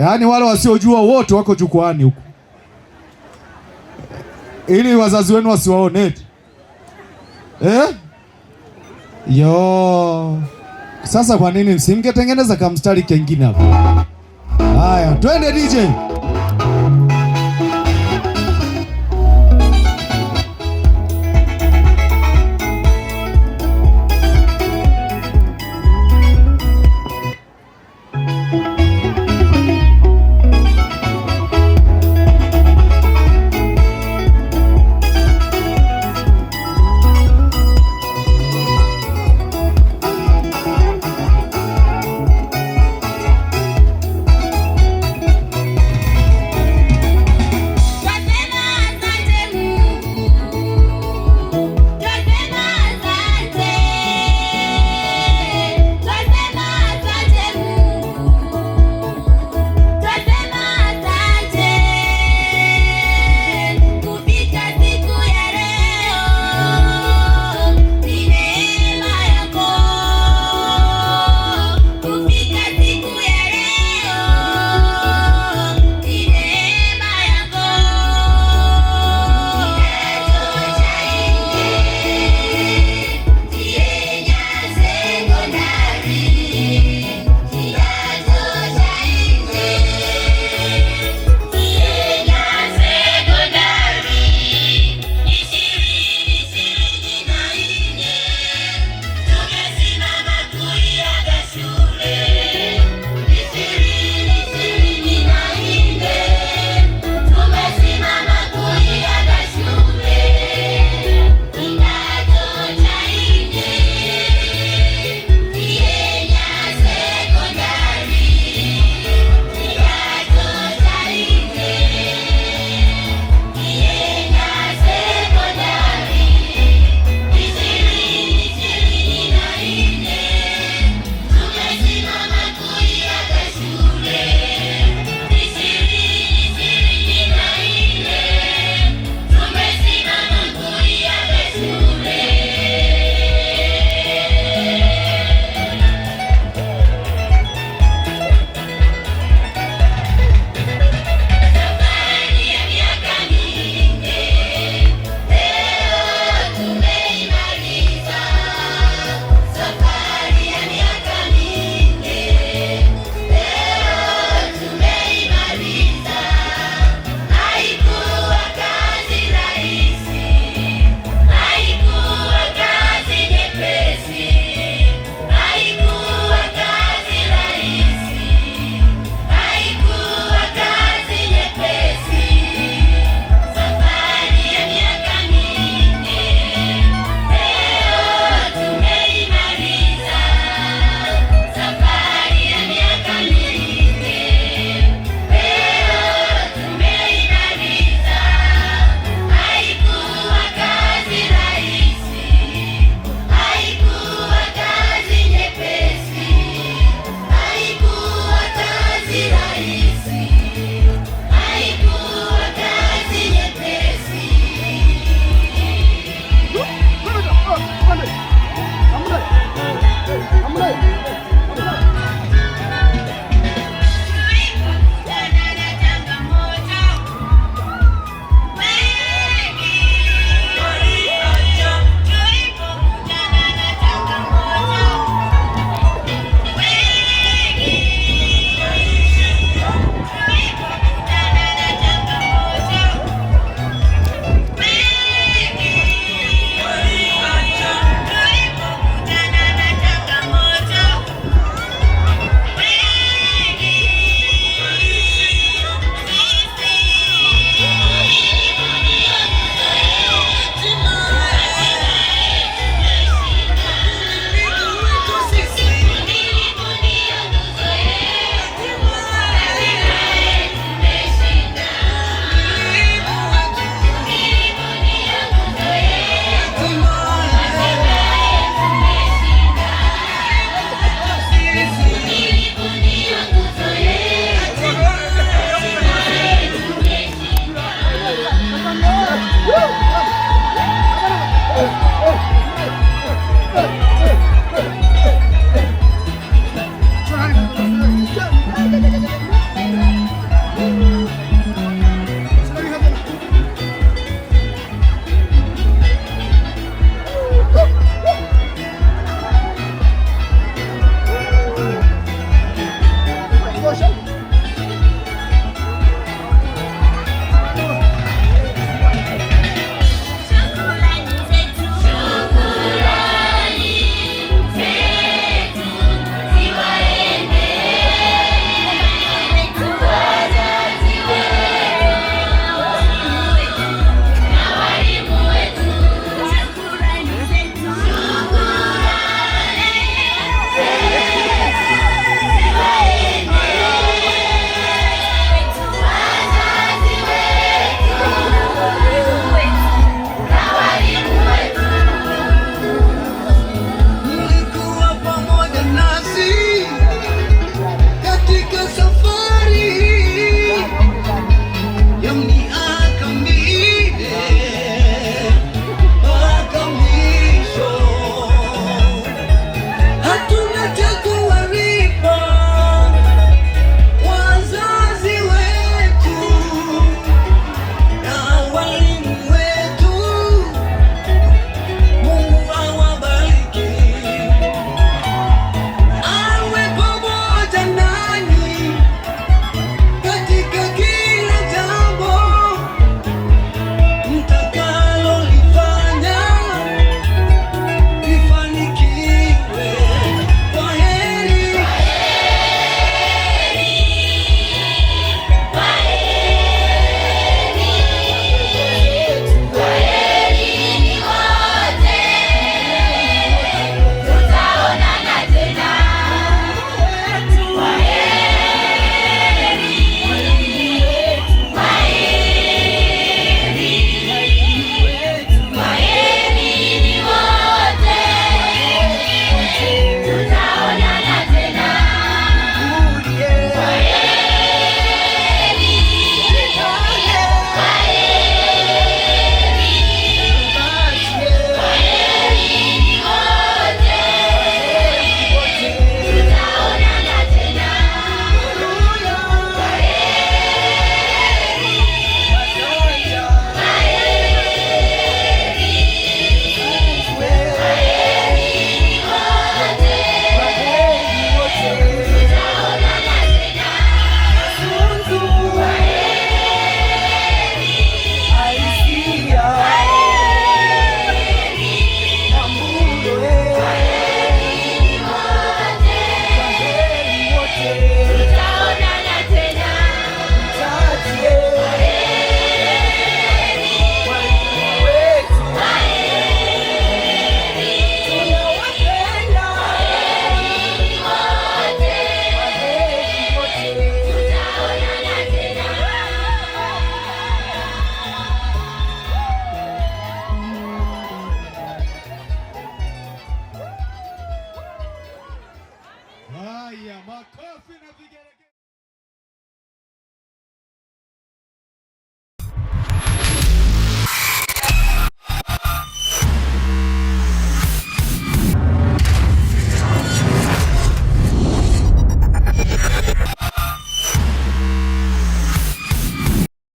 yaani wale wasiojua wote wako jukwaani huko, ili wazazi wenu wasiwaone eh? Yo, sasa kwa nini msingetengeneza kamstari kengine hapo? Haya, twende DJ.